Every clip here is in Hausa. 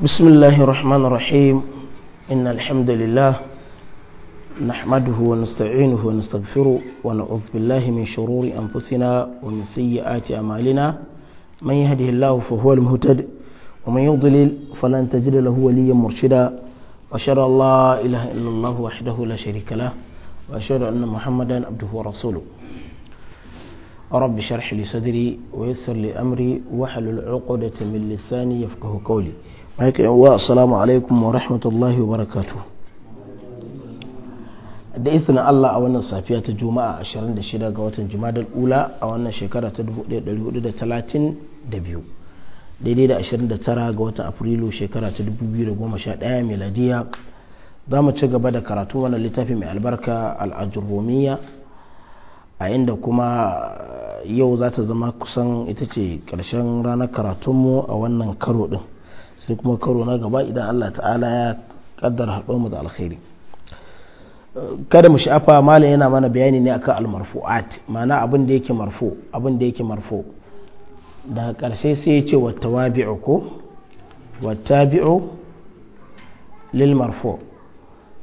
بسم الله الرحمن الرحيم إن الحمد لله نحمده ونستعينه ونستغفره ونعوذ بالله من شرور أنفسنا ومن سيئات أعمالنا من يهده الله فهو المهتد ومن يضلل فلن تجد له وليا مرشدا وأشهد أن لا إله إلا الله وحده لا شريك له وأشهد أن محمدا عبده ورسوله رب اشرح لي صدري ويسر لي أمري واحلل عقدة من لساني يفقه قولي haka yawa assalamu alaikum wa rahmatullahi wa barakatu da izinin Allah a wannan safiya ta juma'a 26 ga watan jumadal ula a wannan shekara ta 1432 daidai da 29 ga watan afrilu shekara ta 2011 miladiya za mu ci gaba da karatu wannan littafi mai albarka al'ajurrumiya a inda kuma yau za ta zama kusan ita ce karshen ranar karatunmu a wannan karo ɗin sai kuma karo na gaba idan Allah ta'ala ya kaddara haɗo mu da alkhairi kada mu sha'afa malam yana mana bayani ne akan almarfu'at ma'ana abin da yake marfu abin da yake marfu daga ƙarshe sai ya ce wattawabi'u ko tabi'u lil marfu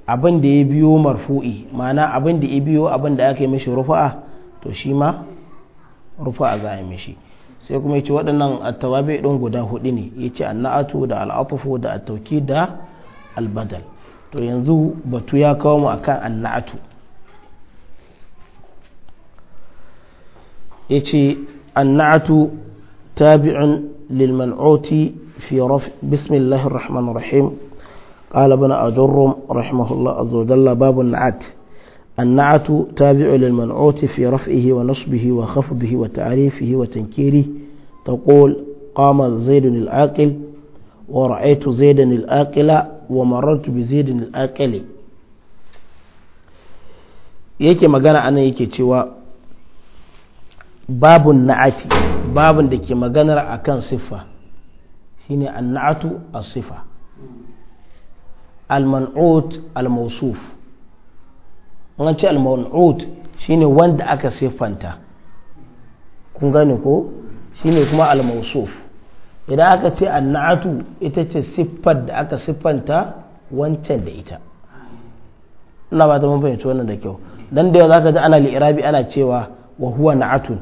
abin da ya biyo marfu'i mana abin da ya biyo abin da aka mishi rufa'a to shi ma rufa'a za a yi mishi sai kuma yace waɗannan attawabi ɗin guda hudu ne yace annatu da al'atufu da attauki da albadal to yanzu batu ya kawo mu akan annatu yace annatu tabi'un lilman'oti man'uti fi raf bismillahir rahmanir rahim قال ابن أجرم رحمه الله عز وجل باب النعت تابع للمنعوت في رفعه ونصبه وخفضه وتعريفه وتنكيره تقول قام زيد العاقل ورأيت زيدا العاقل ومررت بزيد العاقل yake magana anan yake cewa babun na'ati babun da ke maganar akan siffa shine an na'atu as-sifa al-man'ut al-mawsuf al manut al mausuf al an ce al-maw'ud shine wanda aka siffanta kun gane ko shine kuma al-mawsuf idan aka ce annatu ita ce siffar da aka siffanta wancan da ita ina ba ta mun fahimci wannan da kyau dan da zaka ji ana li'irabi ana cewa wa huwa na'atun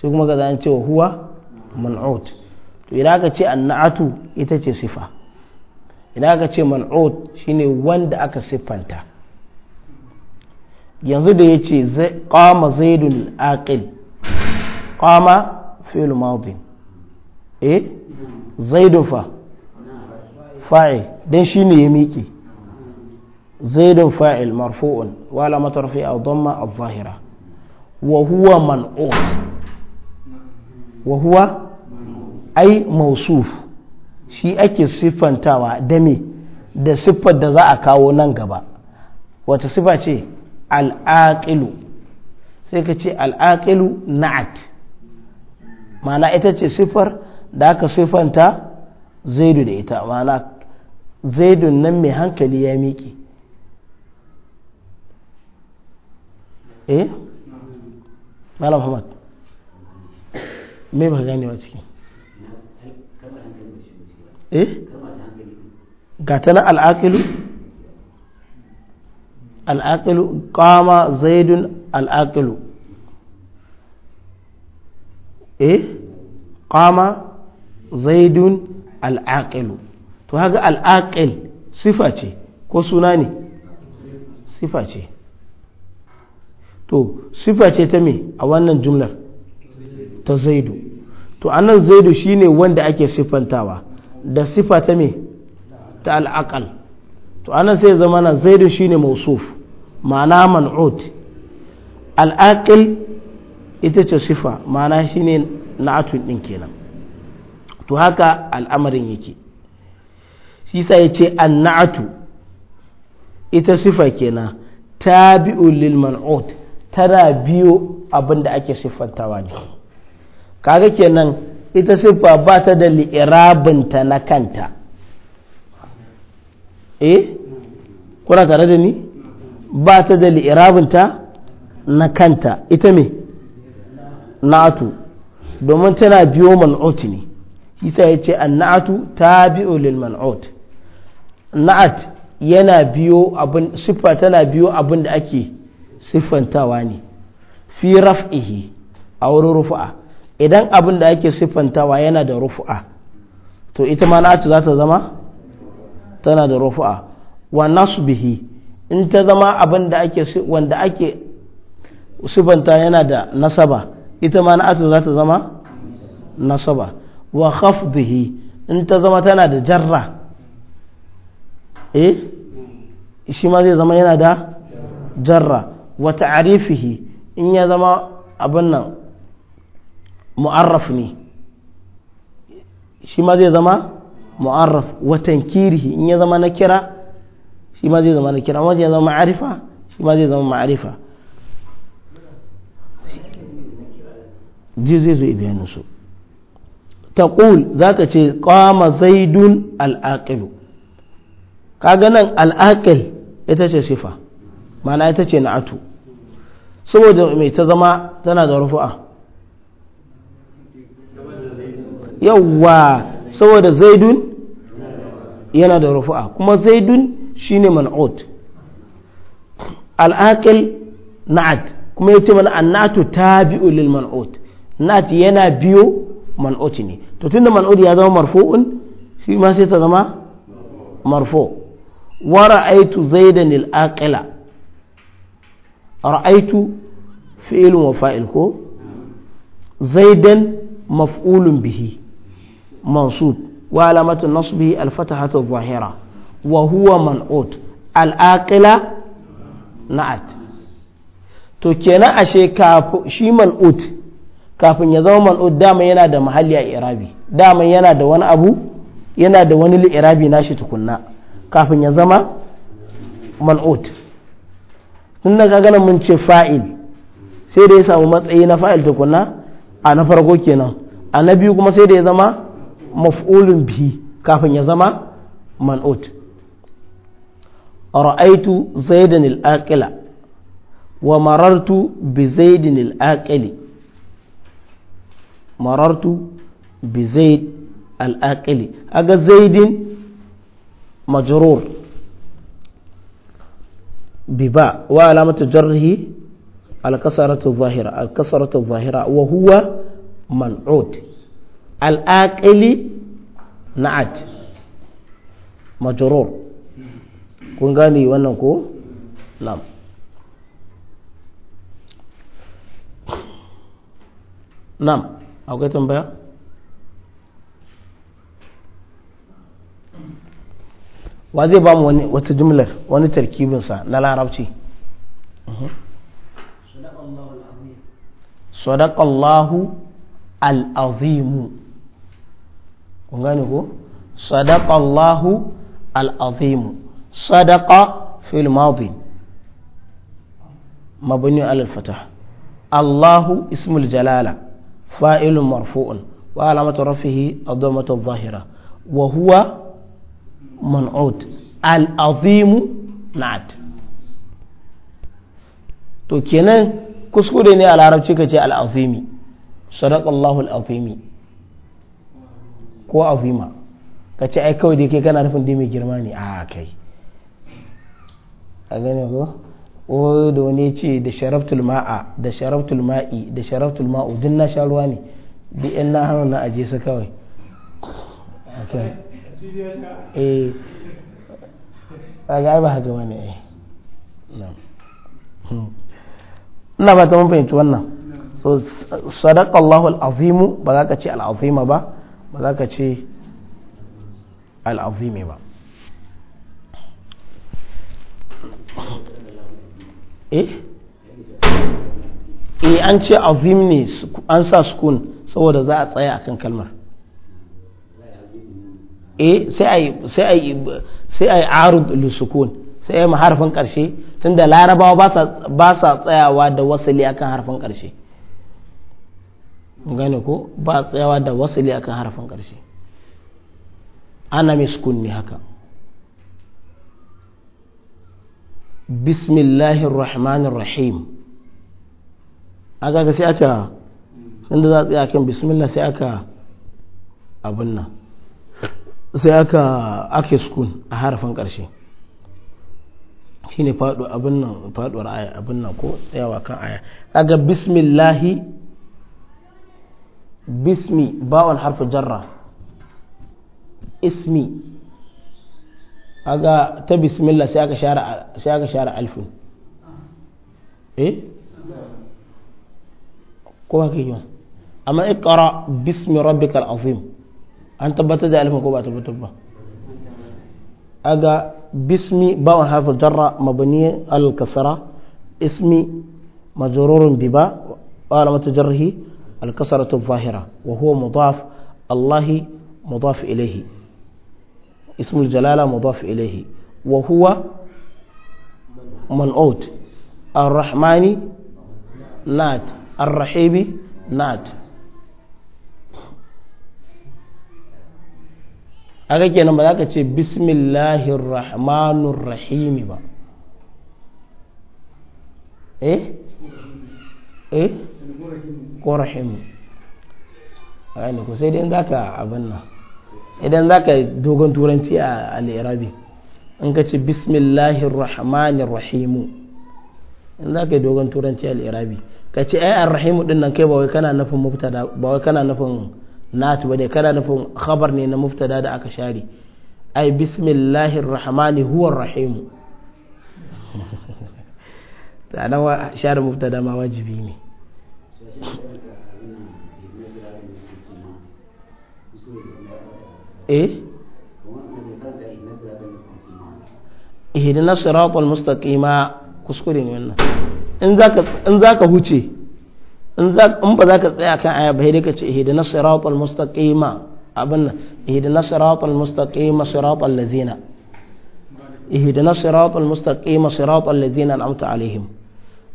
sai kuma kaza an ce wa huwa man'ut to idan aka ce na'atu ita ce sifa idan aka ce man'ut shine wanda aka siffanta yanzu da ya ce kama zaidun aqil kama fi'il maudi eh zaidun fa fa'il dan ne ya miƙe zaidun fa'il marfu'un wa la matarfi a dhamma adh-dhahira wa huwa man'ut wa huwa ai mausuf shi ake siffantawa da me da siffar da za a kawo nan gaba wata siffa ce al'aƙilu sai ka ce al'aƙilu na'at mana ita ce siffar da aka siffanta zaidu da ita mana zaidun nan mai hankali ya miƙe eh malam hamad mai ba gane wa ciki eh ga ta na al'aƙilu al'aƙilu ƙama zaidun al'aƙilu eh ƙama zaidun al'aƙilu to haka al'aƙil sifa ce ko suna ne sifa ce to sifa ce ta me a wannan jumlar ta zaidu to annan zaidu shine wanda ake siffantawa da sifa ta me ta al'aƙal to anan sai zama na zaidu shine mausuf ma'ana man'ut al'aqil ita ce sifa ma'ana shi ne na'atun ɗin kenan to haka al'amarin yake shi sa ya ce na'atu ita sifa kenan ta lil man'ut tana biyo abin da ake siffantawa ne kaga kenan ita siffa ba ta da li'irabinta na kanta eh kuna tare da ni ba ta da li'irabinta na kanta ita me na'atu domin tana biyo mal'ut ne isa ya ce an na'atu ta biyo lil mal'ut na'at yana biyo abin siffa tana biyo abin da ake siffantawa ne fi raf'ihi a wurin rufu'a idan abin da ake siffantawa yana da rufu'a to ita ma na'atu za ta zama tana da rufu'a wa nasbihi in ta zama abin da ake wanda ake subanta yana da nasaba ita ma na'atu za ta zama nasaba wa khafdihi in ta zama tana da jarra eh shi ma zai zama yana da jarra wa ta'arifihi in ya zama abin nan mu'arraf ne shi ma zai zama mu'arraf wa tankirihi in ya zama na kira shi ma zai zama na kira wajen zama ma'arifa shi ma zai zama ma'arifa zai zo bayanin su taqul zaka ce ƙwama zaidun al-aqil kaga nan al ita ce sifa mana ita ce na'atu saboda mai ta zama tana da rufu'a yawwa saboda zaidun yana da rufu'a kuma zaidun shine man'ut al'aqil na'at kuma ce mana annatu tabi'u lil man'ut na'at yana biyo man'ut ne to tunda man'ut ya zama marfu'un shi ma sai ta zama marfu wa ra'aitu zaidan al aqila fi'lun wa fa'il ko zaidan maf'ulun bihi mansub wa alamatu nasbi al fatahatu adh-dhahira wa huwa man'ut al'aqila na'at to kenan ashe shi ot kafin ya zama man'ut dama yana da mahalli a irabi dama yana da wani abu yana da wani li'irabi nashi tukunna kafin ya zama ot tun da ka mun ce fa'il sai da ya samu matsayi na fa'il tukunna a na farko kenan a na biyu kuma sai da ya zama maf'ulun bihi kafin ya zama ot. رأيت زيدا الآكل ومررت بزيد الآكل مررت بزيد الآكل أجا زيد مجرور بباء وعلامة جره الكسرة الظاهرة الكسرة الظاهرة وهو منعوت الآكل نعت مجرور kun gane wannan ko nam nam akwai tambaya wa zai ba mu wata jumlar wani tarkibinsa na larabci mhm. sadaƙallahu al'azimu kun gane ko sadaƙallahu al'azimu صدق في الماضي مبني على الفتح الله اسم الجلالة فاعل مرفوع وعلامة رفعه الضمة الظاهرة وهو منعود العظيم نعت to kenan kuskure ne a larabci ka ce al'azimi sadakallahu al'azimi ko azima ka ce ai kawai da ke kana rufin dai mai girma ne a ah, kai a gane ko o da wani ce da sharaftul ma'a da sharaftul ma'i da sharaftul ma'u din na sha ruwa ne duk yan na hannun na aje su kawai eh a ga ba haka wani eh hmm. ina ba ta mun fahimci wannan so sadaqa Allahu al ba za ka ce al-azima ba ba za ka ce al-azimi ba eh eh an ce azim ne an sa sukun saboda za a tsaya a kan kalmar eh sai a yi sai a yi arud lusukun sai yi harfin karshe tunda larabawa ba sa tsayawa da wasali akan harfin karshe gane ko ba tsayawa da wasali akan harfin karshe ana mai sukun ne haka bismillahir rahmanir rahim aga ga sai aka inda za a tsaya akan bismillah sai aka abin nan sai aka ake sukun a harafin karshe shine ne abin nan faduwar aya abin nan ko tsayawa kan aya kaga bismillahi bismi bawon harfi jarra ismi aga ta bismillah sai aka share sai aka share alfin eh ko ba kai amma iqra bismi rabbikal azim an tabbatar da alfin ko ba tabbatar ba aga bismi bawan harfin jarra mabani al-kasra ismi majrurun bi ba wa alamatu jarrihi al-kasratu zahira wa huwa mudaf allahi mudaf ilayhi اسم الجلالة مضاف إليه وهو من أوت الرحمن نات الرحيم نات aga kenan ba za ka ce bismillahir rahmanir rahimi ba eh eh ko rahim rahimu ne ku sai dai za ka abin nan idan za ka dogon turanci a al'irabi in ka ce bismillahir rahmanir rahimu in za ka dogon turanci a al'irabi ka ce ai arrahimu din nan kai ba wai kana nufin mubtada ba wai kana nufin natu bane kana nufin khabar ne na mubtada da aka share ai bismillahir rahmani huwar rahimu ta nan share mubtada ma wajibi ne eh ihdina siratal mustaqima kuskure ne wannan in zaka in zaka huce in za in ba zaka tsaya kan aya ba sai ka ce ihdina siratal mustaqima abin nan ihdina siratal mustaqima siratal ladzina ihdina siratal mustaqima siratal ladzina an'amta alaihim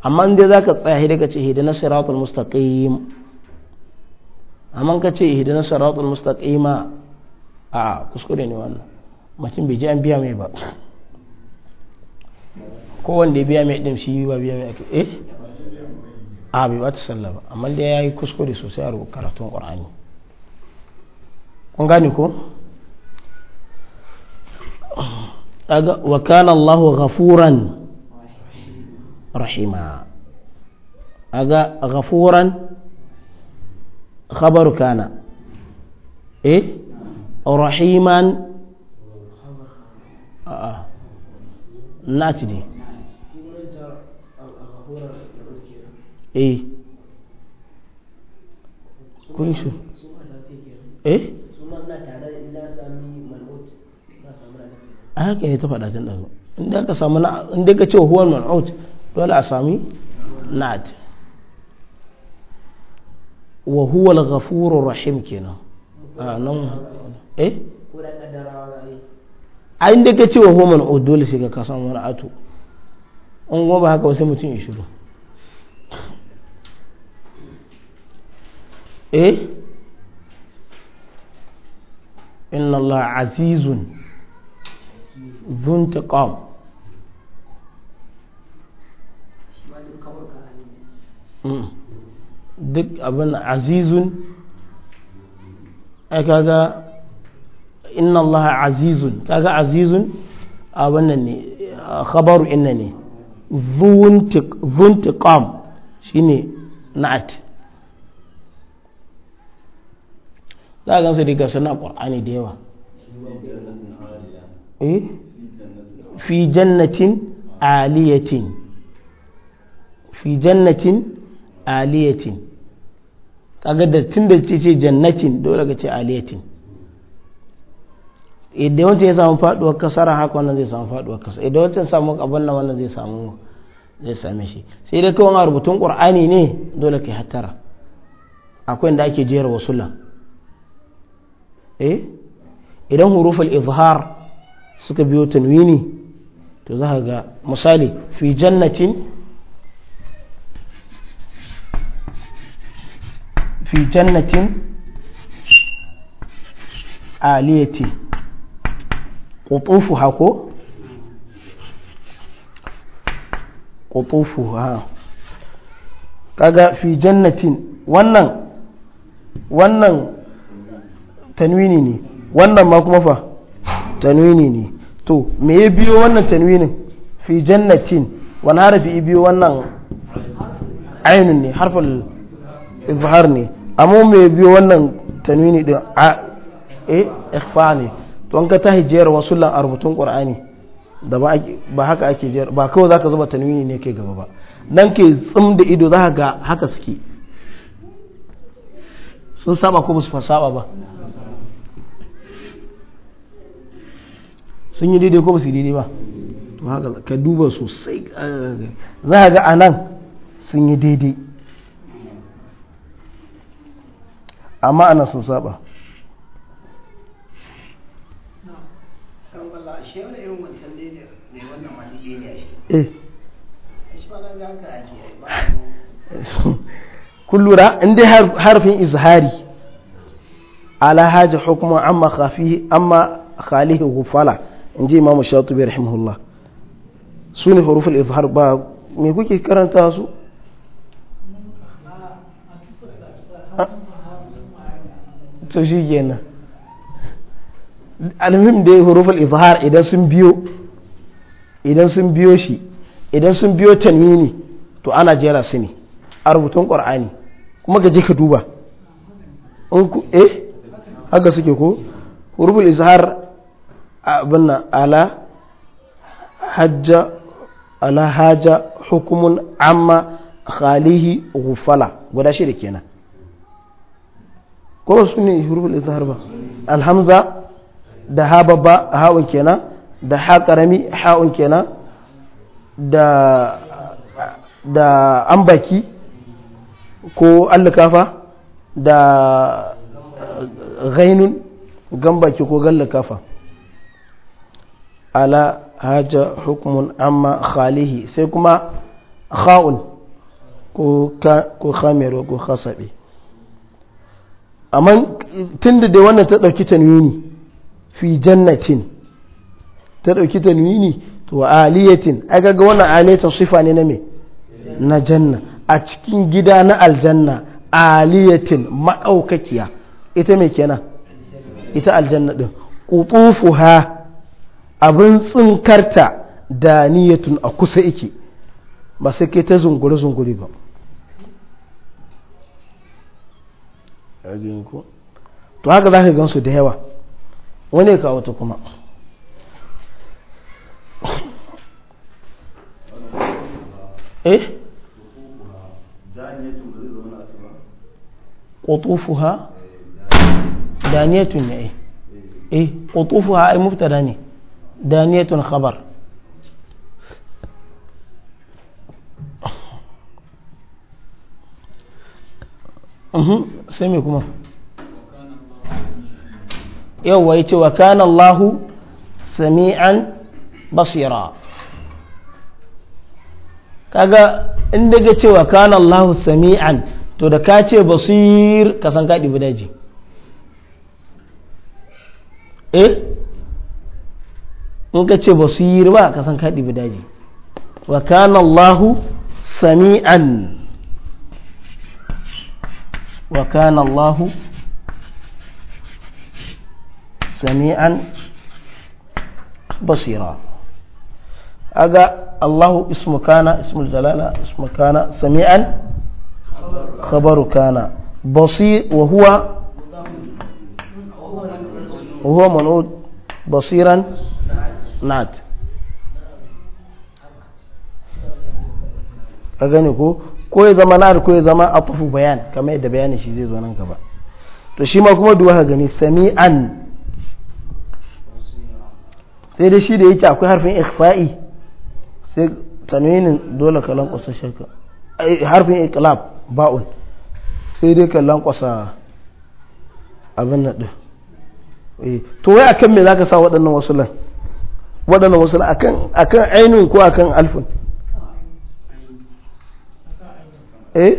amma in dai zaka tsaya sai ka ce ihdina siratal mustaqim amma ka ce ihdina siratal mustaqima a kuskure ne wannan mutum bai je an biya mai ba wanda ya biya mai ɗin shi ba biya mai ake eh a bai wata sallah ba amma da ya yi kuskure sosai a karatun ƙwar'ani kun gane ko wa kana Allahu ghafuran rahima aga ghafuran khabaru kana eh rahiman a'a lati ne eh kuri su eh a haka ne ta faɗa tun ɗazu inda ka samu na inda ka ce huwan man'ut dole a sami na'at wa huwa al-ghafurur rahim kenan a nan eh ko da kaddarawa ne a inda ka ce wa homan o dole sai ka kasan wani ato in goma haka wasu mutum ya shiru eh inna Allah azizun zuntiqam hmm. duk abin azizun ai kaga inna allaha azizun kaga azizun a wannan ne khabaru inna ne zuntiqam shine na'at za a gansu daga sana ƙwar'ani da yawa eh? fi jannatin aliyatin fi jannatin aliyatin kaga da tun da ce jannatin dole ka ce aliyatin idan wancan ya samu faduwar kasara haka wannan zai samu faduwar kasara idan wancan samu abin nan wannan zai samu zai same shi sai dai kawai rubutun qur'ani ne dole kai hattara akwai inda ake jera wasula eh idan huruful izhar suka biyo tanwini to za ga misali fi jannatin fi jannatin aliyati ƙutufu hako? ƙutufu ha kaga fi jannatin wannan wannan tanwini ne wannan ma kuma fa tanwini ne to me ya biyo wannan tanwini fi jannatin wani harafi ya biyo wannan ainun ne harfin izhar ne amma me ya biyo wannan tanwini din a eh ikhfa ne don ka ta hijiyar wasu lan a rubutun qur'ani da ba haka ake jiyar ba kawai za ka zuba tanwini ne ke gaba ba nan ke tsim da ido za ga haka suke sun saba ko ba su saba ba sun yi daidai ko ba su yi daidai ba to haka ka duba sosai za ka ga a nan sun yi daidai amma ana sun saba ku irin wancan wannan eh ba ga haka ake ba kun lura in dai harfin izhari ala haji hukuma amma khafi amma khalihi gufala in ji imamu shatubi rahimahullah su ne huruful izhar ba me kuke karanta su ah. to shi kenan almuhim da ya huruful izhar idan sun biyo idan sun biyo shi idan sun biyo tanwini to ana jera su ne a rubutun ƙwar'ani kuma ka je ka duba in ku eh haka suke ko huruful izhar abin na ala hajja ala haja hukumun amma khalihi gufala guda shida kenan ko su ne huruful izhar ba alhamza da ha babba ha'un kenan da ha karami ha'un kenan da da ambaki ko allukafa da ghainun gambaki ko gallakafa ala haja hukumun amma khalihi sai kuma ha'un ko khamero ko khasabe amma tun da dai wannan ta ɗauki tanwini fi jannatin ta dauki nuni to aliyatin ai kaga wannan aliyata sifa ne na me na janna a cikin gida na aljanna aliyatin maɗaukakiya ita mai kenan ita aljanna din ha abin tsinkarta da niyatun a kusa ike ba sai ke ta zungure-zungure ba to haka za ka gansu da yawa wani ka wata kuma eh ha daniyatun ne eh ƙutufuha eh, ai Da ne daniyatun khabar mhm, sai mai kuma yawwa ya ce wa kana Allahu sami'an basira kaga in daga cewa kana Allahu sami'an to da ka ce basir ka san ka ɗibi daji eh in ka ce basir ba ka san ka ɗibi daji wa kana Allahu sami'an wa kana Allahu samian basira aga allahu ismu kana ismu jalala ismu kana samian khabaru kana basir wa huwa huwa manud basiran naat a gani ko ko ya zama na ko ya zama a tafi bayan kamar yadda bayanin shi zai zo nan gaba to shi ma kuma duwa ka gani sami'an sai dai shi da yake akwai harfin ikhfa'i sai tanwinin dole ka lankwasa shaka harfin iklab ba'un sai dai ka lankwasa abin nan din eh, to wai akan me zaka sa waɗannan wasulan waɗannan wasulan akan akan ainun ko akan alfun eh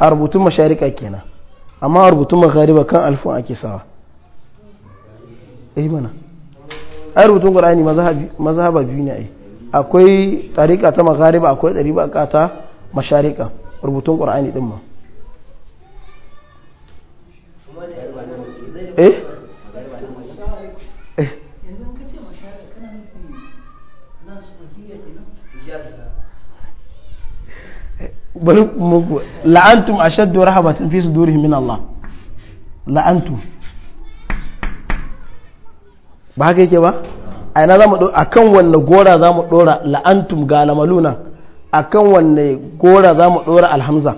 a rubutun masharika kenan amma a rubutun magariba kan alfun ake sawa eh mana ai rubutun qur'ani mazhaba biyu ne ai akwai tariqa ta maghariba akwai tariqa ta mashariqa rubutun qur'ani din ma eh, eh. bari la'antum ashaddu rahabatan fi sudurihim min Allah la'antum ba haka yake ba a ina za mu a kan wanne gora za mu ɗora la'antum ga lamaluna a kan wanne gora za mu ɗora alhamza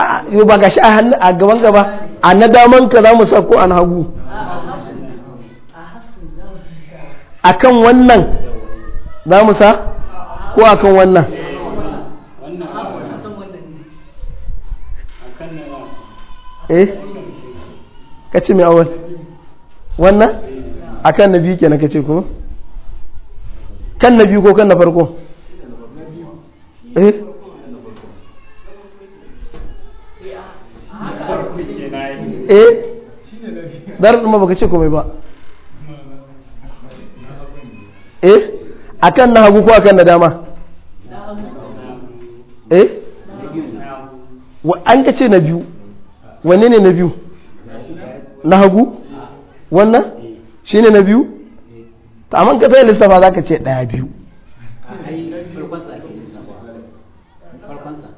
a yau ba gashi a gaban gaba a na damanka za mu sa ko an hagu a kan wannan za mu sa ko a kan wannan eh ka ce mai awal wannan a kan na biyu kenan ka ce ko kan na biyu ko kan na farko eh eh dar ma baka ce komai ba eh kan na hagu ko a kan na dama eh an ka ce na biyu wanne ne na biyu na hagu wannan ne na biyu ta amma ka tsaye lissafa za ka ce ɗaya biyu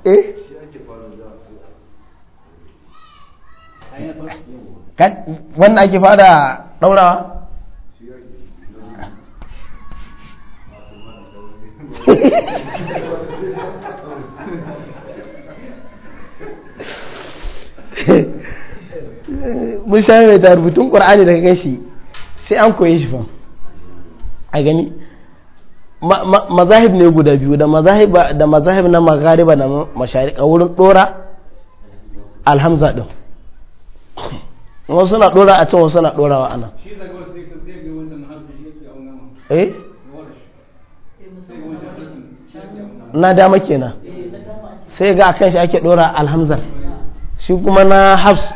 eh wannan ake fara ɗaurawa Hehehe mun sha mai da rubutun qur'ani daga gashi sai an koye shi fa a gani mazahib ne guda biyu da mazahib da mazahib na maghariba da masharika wurin dora alhamza din wasu na dora a can wasu na wa ana eh na dama kenan sai ga akan shi ake dora alhamzar shi kuma na hafs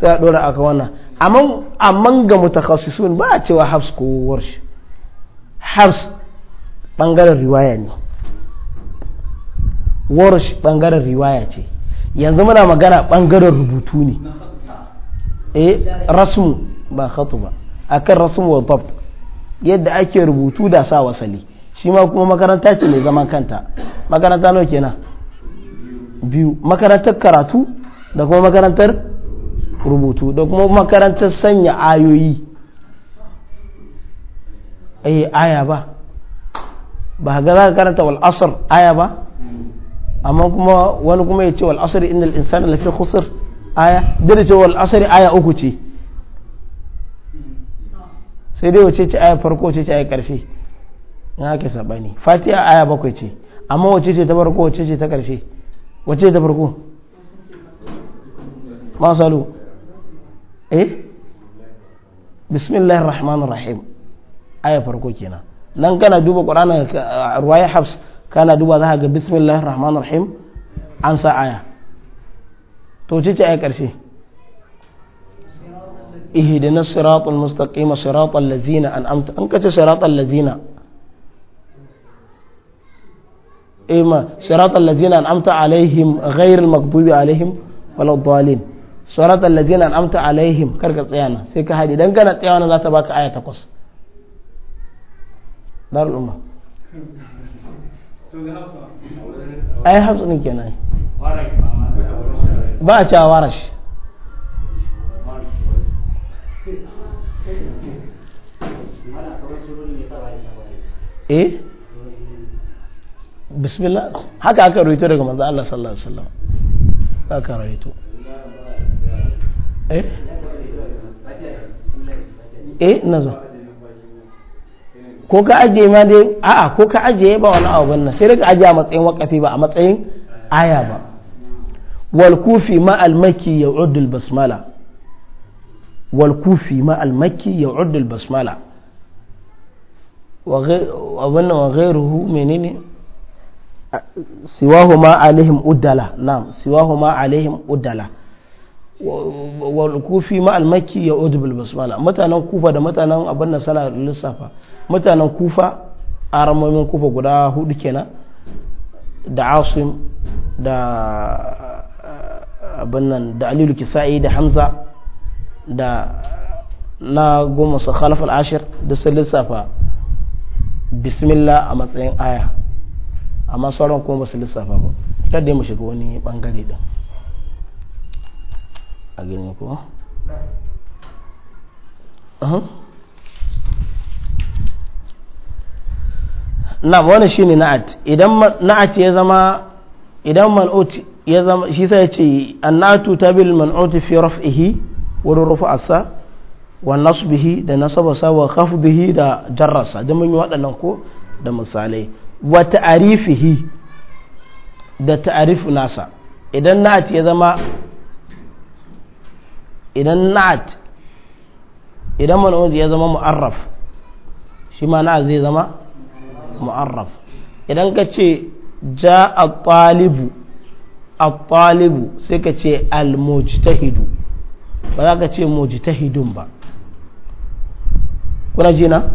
sai a dora aka wannan amma ga mutakhassisun ba a cewa habs ko warsh habs bangaren riwaya ne warsh bangaren riwaya ce yanzu muna magana bangaren rubutu ne eh rasmu ba khatu ba akan rasmu wa dabt yadda ake rubutu da sa wasali shi ma kuma makaranta ce mai zaman kanta makaranta nawa kenan biyu makarantar karatu da kuma makarantar rubutu da kuma makarantar sanya ayoyi ayi eh, aya ba ba ga za ka karanta wal asr aya ba amma kuma wani kuma ya ce wal asr innal insana lafi khusr aya da ce wal asr aya uku ce sai dai wace ce aya farko wace ce aya karshe in haka sabani fatiha aya bakwai ce amma wace ce ta farko wace ce ta karshe wace ce ta farko masalu إيه بسم الله الرحمن الرحيم آية فرقوكينا لن كان دوبا قرآن رواية حبس كان دوبا ذهك بسم الله الرحمن الرحيم أنسى آية توجد آية كرسي اهدنا الصراط المستقيم صراط الذين أنعمت أنك صراط الذين إما إيه صراط الذين أنعمت عليهم غير المغضوب عليهم ولا الضالين surat allazina an'amta alaihim karka tsayana sai ka hadi dan kana tsayawa za ta baka aya takwas darul umma ai hafsu ne kenan ba a cewa warash eh bismillah haka aka rawaito daga manzo Allah sallallahu alaihi wasallam rawaito eh, eh na zo ko ka ajiye ma dai a'a ko ka ajiye ba wani abu nan sai daga ajiye a matsayin wakafi ba a matsayin aya ba wal kufi ma al makki ya'ud al basmala wal kufi ma al makki ya'ud al basmala wa wannan wa ghayruhu menene siwahuma alaihim udala na'am siwahuma alaihim udala walkufi kufi ma makki ya udu bil basmala mutanen kufa da mutanen abin da sana lissafa mutanen kufa aramomin kufa guda hudu kenan da asim da eh, abin nan da alilu kisa'i da hamza da na goma su khalaf ashir da sun lissafa bismillah a matsayin aya amma sauran kuma ba su lissafa ba kada mu shiga wani bangare din a gani ko na wani shi ne na'at idan na'at ya zama idan man'ut ya zama shi sai ce annatu tabil man'ut fi raf'ihi wurin rufu sa wa nasbihi da nasabasa wa khafdihi da jarrasa da mun yi waɗannan ko da misalai wa ta'arifihi da ta'arif nasa idan na'at ya zama idan na'at idan man'ud ya zama mu'arraf shi ma na'at zai zama mu'arraf idan ka ce ja at-talibu at-talibu sai ka ce al-mujtahidu ba za ka ce mujtahidun ba kuna jina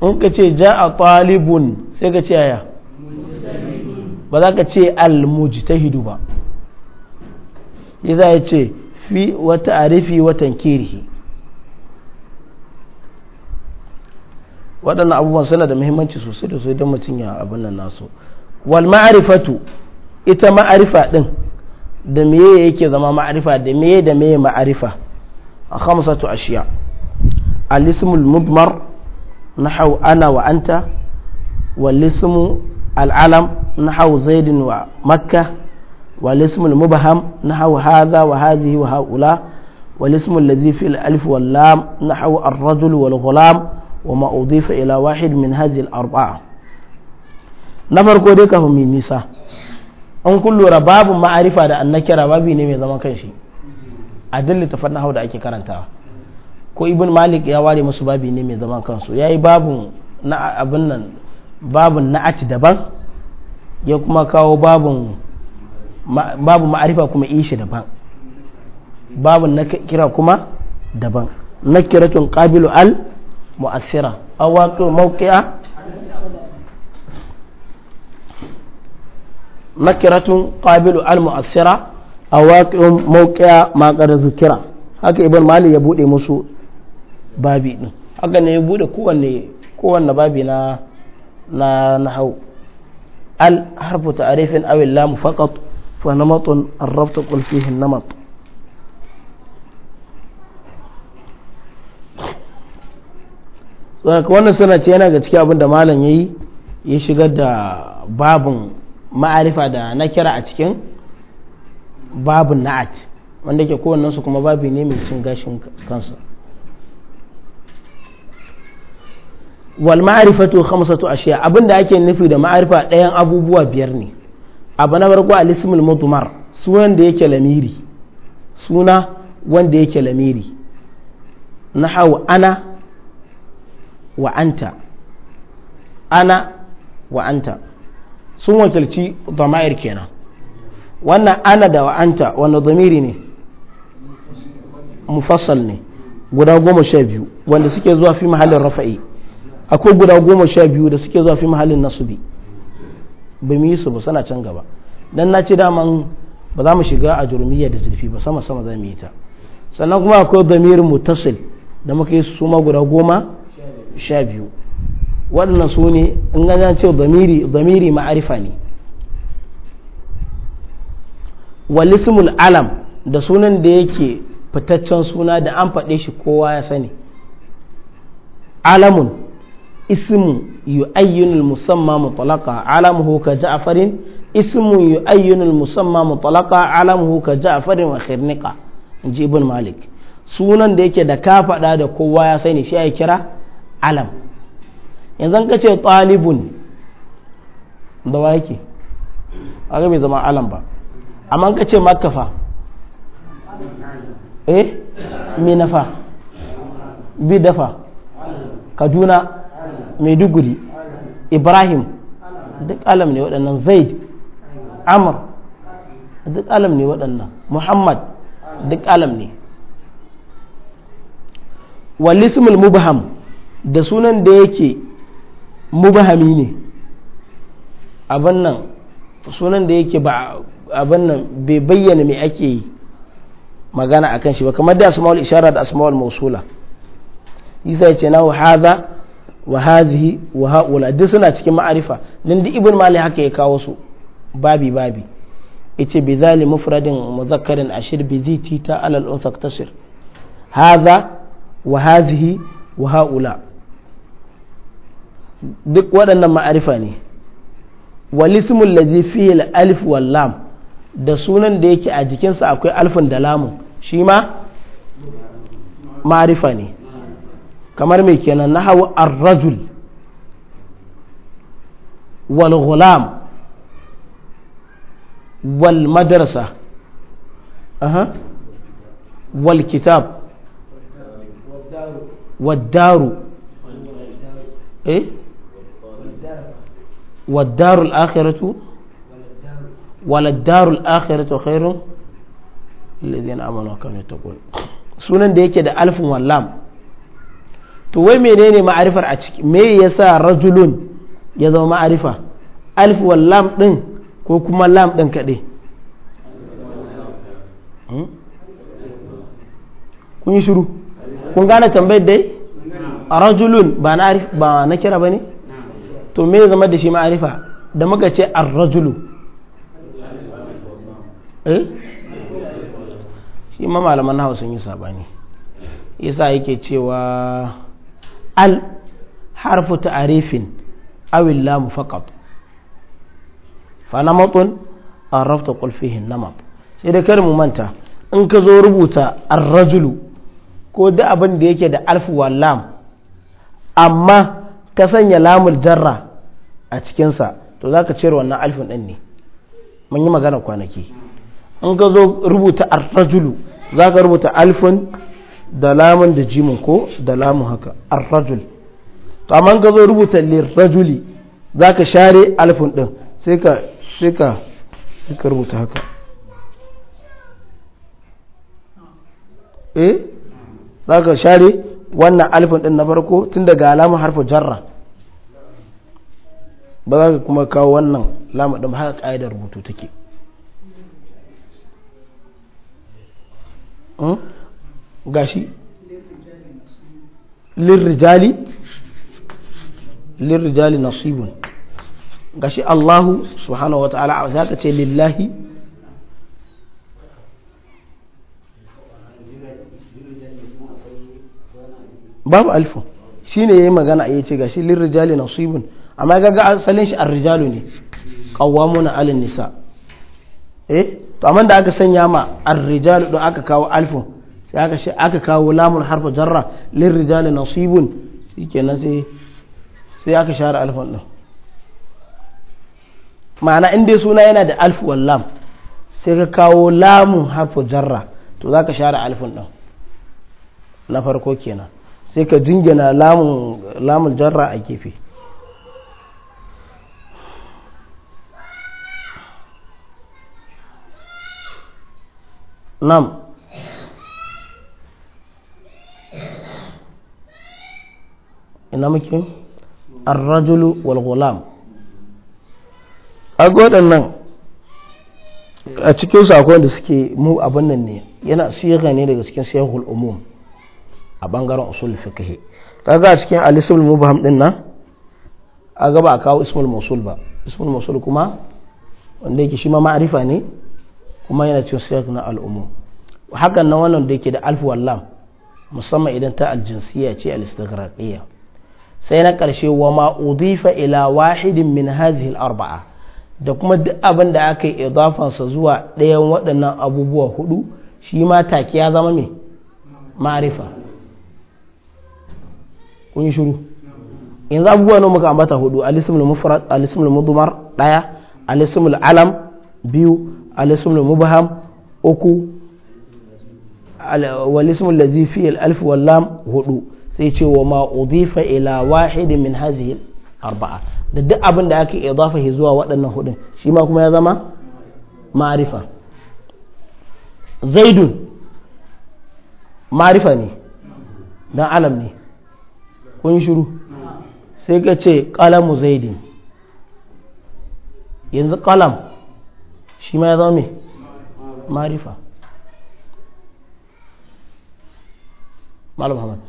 in ka ce ja a talibun sai ka ce aya ba za ka ce al-mujtahidu ba yasa ya ce ta'arifi wa ta'arifi wa tankirihi waɗannan abubuwan suna da muhimmanci sosai da sosai don mutum ya abin nan nasu wal ma'arifatu ita ma'arifa ɗin da meye yake zama ma'arifa da meye da meye ma'arifa a khamsatu ashiya al-ismul mudmar nahaw ana wa anta walismu al'alam al-alam nahaw zaidin wa makkah والاسم المبهم نحو هذا وهذه وهؤلاء والاسم الذي في الألف واللام نحو الرجل والغلام وما أضيف إلى واحد من هذه الأربعة نفر كوديك هم النساء an kun babu ma'arifa da an nakira babi ne mai zaman kanshi a da ake ko ibn malik ya ware masu babi ne mai zaman kansu ya yi babun na abin nan babun na'ati daban ya kuma kawo babun babu ma'arifa kuma ishi daban babu na kira kuma daban na tun qabilu al mu'assira na kira tun qabilu al mu'assira awaqi mawqi'a ma qad zukira haka ibn mali ya bude musu babi ɗin haka ne ya bude kowanne kowanne babi na na hau al harfu arifin awil lamu faqat فنمط الربط قل فيه النمط wannan suna ce yana ga cikin abin da malam ya yi ya shigar da babin ma'arifa da na kira a cikin babin na'at wanda ke kowannensu kuma babi ne mai cin gashin kansa wal ma'arifatu hamsatu ashiya abin da ake nufi da ma'arifa ɗayan abubuwa biyar ne abu na farko al mutumar sunan da yake lamiri suna wanda yake lamiri na hau ana wa anta ana wa anta sun wakilci zama'ir kenan wannan ana da wa anta wanda damiri ne mufassal ne guda goma sha biyu wanda suke zuwa fi mahallin rafa'i akwai guda goma sha biyu da suke zuwa fi mahallin nasubi ba mu yi su ba suna can gaba dan na ci daman ba za mu shiga a jurmiya da zurfi ba sama sama za mu ta sannan kuma akwai damir mutasil da muka yi su ma guda goma sha biyu waɗannan su ne in ganin ce damiri damiri ma'arifa ne walismul alam da sunan da yake fitaccen suna da an faɗe shi kowa ya sani alamun ismu يؤين المسمى مطلقا علمه كجعفر اسم يؤين المسمى مطلقا علمه كجعفر وخرنقة نجي ابن مالك sunan da yake da ka faɗa da kowa ya sani shi ya kira alam yanzu ka ce talibun da wa yake zama alam ba amma makafa eh bi dafa. kaduna maiduguri ibrahim duk alam ne waɗannan zaid amur duk alam ne waɗannan muhammad duk alam ne walismul Mubaham da sunan da yake mubahami ne abin nan sunan da yake ba abin nan bai bayyana mai ake yi magana a kan shi ba kamar da asma'ul ishara da asma'ul mausula isa ya ce na hadha wa hadhihi wa haula duk suna cikin ma'arifa dan duk ibn mali haka ya kawo su babi babi yace bi zali mufradin mudhakkarin ashir bi ziti ta al unsa tashir hadha wa hadhihi wa haula duk waɗannan ma'arifa ne ismu alladhi fihi al alif wal lam da sunan da yake a jikinsa akwai alfin da lamun shi ma ma'arifa ne kamar mai kenan na hawa arrajul rajul wal ghulam wal madrasa wal kitab daru الآخرة خير الذين آمنوا وكانوا يتقون سنن da yake da alfin to wai menene ma'arifar a ciki me yasa rajulun ya zama ma'arifa alif wal lam din ko kuma lam din kaɗai hmm? kun yi shiru kun gane tambayar dai rajulun ba na ba na kira bane to me ya zama da shi ma'arifa da muka ce ar-rajulu eh shi ma malaman hausa yi sabani yasa yake cewa al harfu ta'arifin aw lam faqat fa namatun arafta qul fihi namat sai da kar mu manta in ka zo rubuta ar-rajulu ko da abin da yake da alf lam amma ka sanya lamul jarra a cikinsa to za ka cire wannan alfin ɗin ne mun yi magana kwanaki in ka zo rubuta ar-rajulu za ka rubuta alfin da lamun da jimin ko da lamun haka ar-rajul to amma ga zo rubuta lirrajuli za ka share alifin ɗin sai ka sai ka sai ka rubuta haka eh za ka share wannan alifin ɗin na farko tun daga alamun harfa jarra ba za ka kuma kawo wannan lamun din haka ka'idar rubutu take hmm? gashi lirrijali lirrijali nasibun gashi Allahu subhanahu wa ta'ala za ka ce lillahi babu alfu shi ne ya yi magana a yi ce gashi lirrijali nasibun amma ga asalin shi arrijalu ne qawwamuna alin nisa eh to amma da aka sanya ma arrijalu don aka kawo alfun sai aka shi aka kawo lamun harfa jarra lirrijali nasibun shikenan sai sai aka share alfan din ma'ana in dai suna yana da alfu wal lam sai ka kawo lamun harfa jarra to zaka share alfun din na farko kenan sai ka jingina lamun lamun jarra a gefe nam ina muke arrajulu wal gulam a nan a cikin sakon da suke mu abin nan ne yana siyaga ne daga cikin siyahul umum a bangaren usul fiqh kaga a cikin alisul mubham din nan a gaba a kawo ismul mausul ba ismul mausul kuma wanda yake shi ma ma'arifa ne kuma yana cikin siyaq na umum hakan na wannan da yake da alfu wallam musamman idan ta aljinsiya ce al-istighraqiyya sai na ƙarshe wa ma udifa ila wahidin min hadhihi arbaa da kuma duk abin da aka yi idafansa zuwa ɗayan waɗannan abubuwa hudu shi ma take ya zama mai ma'arifa kun yi shiru yanzu abubuwa ne muka ambata hudu alisimul mufrad alisimul mudmar daya alisimul alam biyu alisimul mubham uku walisimul ladhi fi al alf wal lam hudu sai ce wa ma udifa ila wahidin min hadhihi arba'a da duk abin da aka idafa shi zuwa waɗannan hudun shi ma kuma ya zama ma'rifa zaidun ma'rifa ne dan alam ne kun shiru sai ka ce kalamu zaidin yanzu kalam shi ma ya zama ma'rifa malam hamad.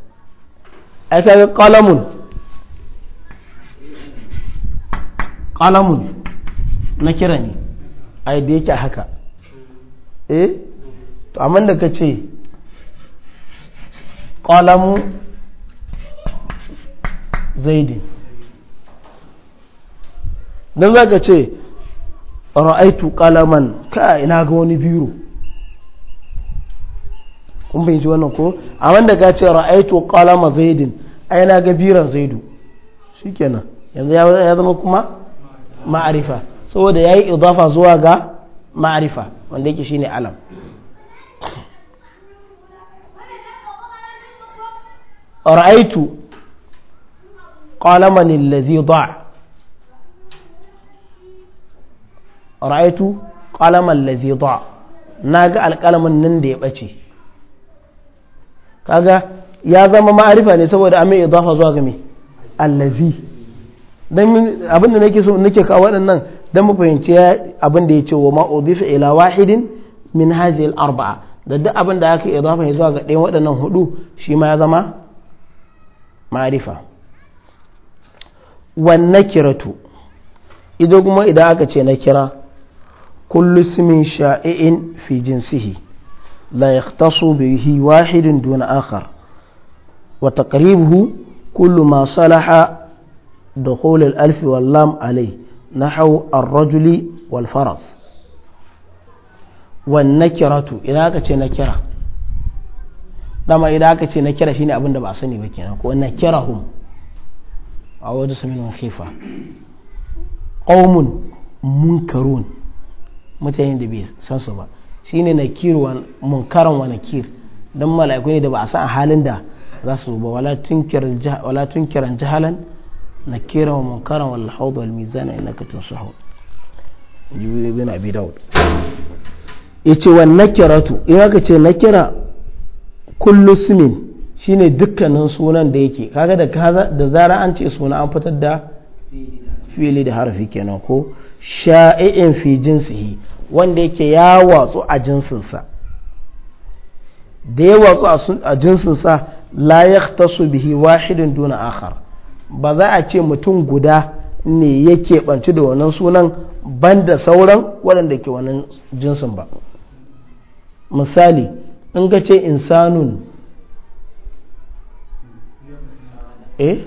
ai kaga qalamun na kira ne yi da yake haka eh to amma da ka ce zaidi don za ka ce ra'aitu kalaman ka ina ga wani biro kun fahimci wannan ko a wanda ka ce ra'aitu ma zaidin ai na ga biran zaidu shikenan yanzu ya zama kuma ma'arifa saboda yayi idafa zuwa ga ma'arifa wanda yake shine alam ra'aitu qalaman allazi da ra'aitu qalaman allazi da ga nan da ya ɓace. kaga ya zama ma'arifa ne saboda an mai idafa zuwa ga me allazi abin da nake so nake kawo waɗannan dan mu fahimci abin da ya ce wa ma fi ila wahidin min hadhihi arbaa da duk abin da aka idafa zuwa ga ɗayan waɗannan hudu shi ma ya zama ma'arifa wanne kiratu idan kuma idan aka ce na kira kullu simin sha'i'in fi jinsihi لا يختص به واحد دون آخر وتقريبه كل ما صلح دخول الألف واللام عليه نحو الرجل والفرس والنكرة إذا كنت نكرة dama idan aka ce na kira shine abin da ba a sani ba kenan ko na kira hum a wajen samin munkarun mutanen da bai san ba shine nakir wa munkaran wa nakir don mala'iku ne da ba a san halin da za su ba wala tun kiran tunkiran jahalan nakira wa munkaran wal hawd wal mizan innaka tunsahu jibril ibn abi daud yace wa tu in aka ce nakira kullu sumin shine dukkanin sunan da yake kaga da da zara an ce suna an fitar da fili da harfi kenan ko sha'i'in fi jinsihi wanda yake ya watsu a jinsinsa da ya watsu a jinsinsa layak ta su bihi wahidin duna akhar ba za a ce mutum guda ne ya keɓanci da wannan sunan ban da sauran waɗanda ke wannan jinsin ba misali in ka ce insanun eh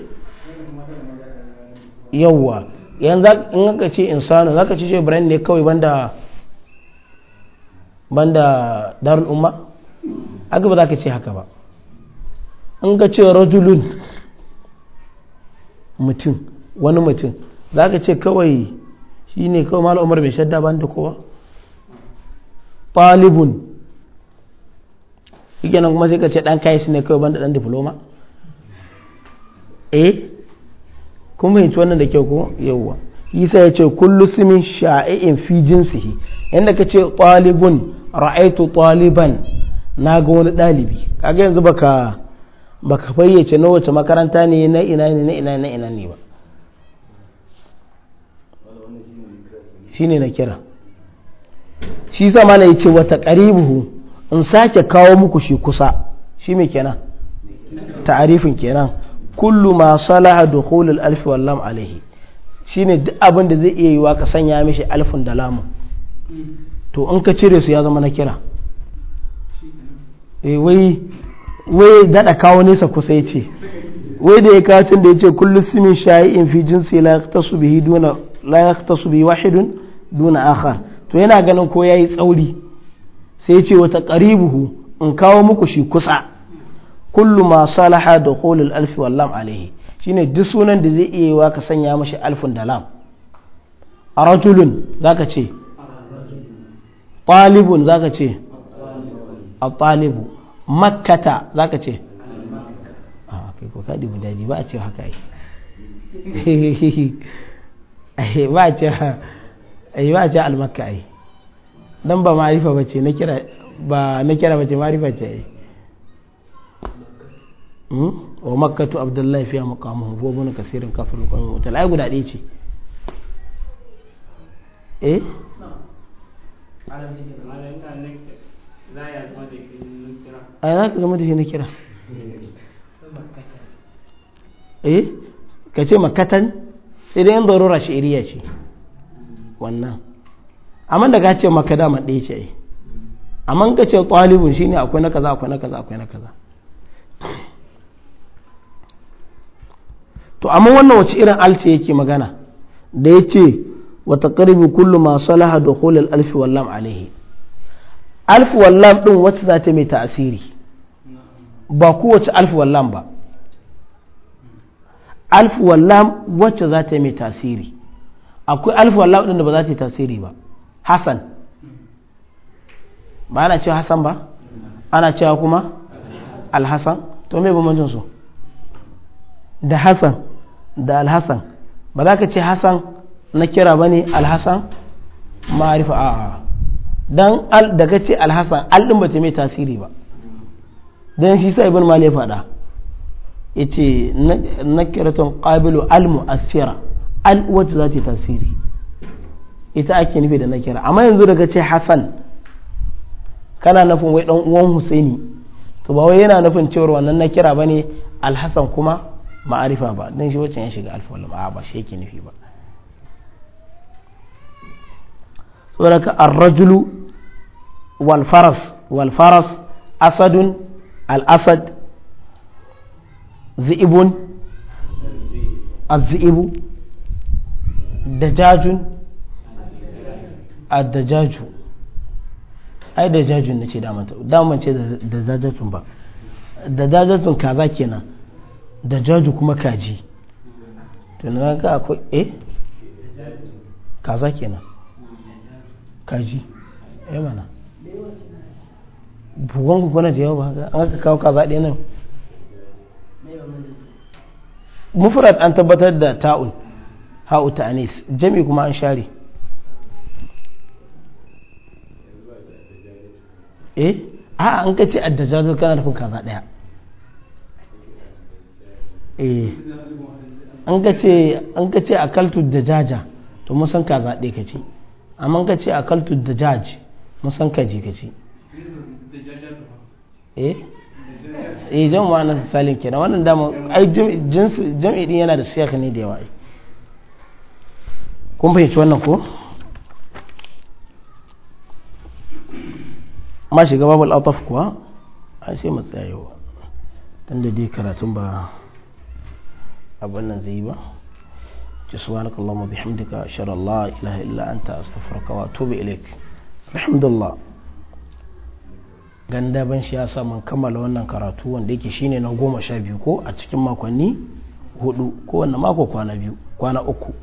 yawwa yanzu in ka ce insanun za ka ce brand ne kawai banda banda darul umma aka ba za ka ce haka ba an ka ce rajulun mutum wani mutum za ka ce kawai shi ne kawai mala umar bai shadda banda da kowa ɗalibun yake nan kuma sai ka ce ɗan kayi shi ne kawai ban da ɗan diploma eh kuma fahimci wannan da kyau ko yawwa isa ya ce kullu simin sha'i'in fi jinsihi yadda ka ce ɗalibun ra'aitu taliban na ga wani ɗalibi kaga yanzu baka baka fayyace na wace makaranta ne na ina ne na ina na ina ne ba shine na kira shi sama na yace wata qaribuhu in sake kawo muku shi kusa shi me kenan ta'arifin kenan kullu ma salaha dukhul al-alf wal lam alayhi shine duk abin da zai iya yiwa ka sanya mishi alfin da lamun to in ka cire su ya zama na kira eh, wai wai dada kawo nesa kusa ya ce wai da ya kacin da ya ce kullum simin in fi jinsi la yaktasu bihi duna bihi wahidun duna akhar to yana ganin ko yayi tsauri sai ya ce wata karibuhu in kawo muku shi kusa kullu ma salaha da kolin alfi wallam alaihi shine duk sunan da zai iya wa ka sanya mashi alfin da lam a rajulun zaka ce talibun ka ce a talibu za ka ce a ah, kai ko kaɗi mu daji ba a ce haka yi a ce ai ba a ce almakka ai don ba ma'rifa ba ce na kira ba ce ma'rifa ce ai hmm? wa makkatu abdullahi fiya maqamuhu wa bun kasirin kafin qawmi mutal ai guda ɗaya ce eh a za ka zama da shi na kira eh ka ce makatan sai dai shi'iriya ce wannan amma da ka ce maka dama ɗaya ce amma ka ce ɗalibin shine akwai na kaza akwai na kaza akwai na kaza to amma wannan wace irin alce yake magana da ya ce وتقرب كل ما صلح دخول الألف واللام عليه ألف واللام دون وتزات مي تأثيري باقوة ألف واللام با ألف واللام وتزات مي تأثيري أكو ألف واللام دون بذات تأثيري با حسن ba ana cewa hasan ba ana cewa kuma alhassan to me bambancin su da hasan da alhassan ba za ka ce hasan na kira ba ne alhassan ma'arifa a don daga ce alhassan aldin ba ta mai tasiri ba don shi sa ibn mali ya faɗa ya ce na ton ƙabilu almu asfira al wacce za ta tasiri ita ake nufi da na kira amma yanzu daga ce hassan kana nufin wai dan uwan husaini to ba wai yana nufin cewar wannan na kira ba ne alhassan kuma ma'arifa ba don shi wacce ya shiga alfawar ba shi yake nufi ba saboda ar-rajulu wal faras asadun al zi'ibun az-zi'ibu dajajun ad-dajaju ai dajajun nace da mata da mun ce da dajajun ba da dajajun kaza kenan dajaju kuma kaji to na ga kaza kenan kaji ya eh, mana bugon ku kuna da yawa ba haka an ka kawo kaza zaɗe nan mufrad an tabbatar da ta'ul ha'u ta'anis jami kuma an share eh a an ka ce addajajir kana nufin kaza daya eh an ka ce akaltu dajaja to mun san kaza daya ka ce amma ka ce a kaltu da jaj musan kaji ka ce eh eh jan wa na salin kenan wannan dama ai jami'i din yana da siyaka ne da yawa kuma kun fahimci wannan ko ma shiga babu al'ataf kuwa a sai matsayayewa tanda da dai karatun ba abin nan zai yi ba جسوانك اللهم بحمدك أشهد الله إله إلا أنت أستغفرك وأتوب إليك الحمد لله ganda ban shi ya sa mun kammala wannan karatu wanda yake shine na goma sha biyu ko a cikin makonni hudu ko wanne mako kwana biyu kwana uku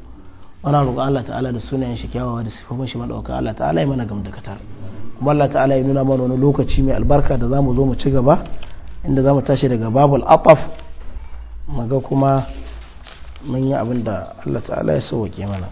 muna roƙon Allah ta'ala da sunayen shi kyawawa da sifofin shi madauka Allah ta'ala ya mana gamdakatar kuma Allah ta'ala ya nuna mana wani lokaci mai albarka da zamu zo mu ci gaba inda zamu tashi daga babul ataf maga kuma mun yi abin da Allah ta'ala ya sauwake mana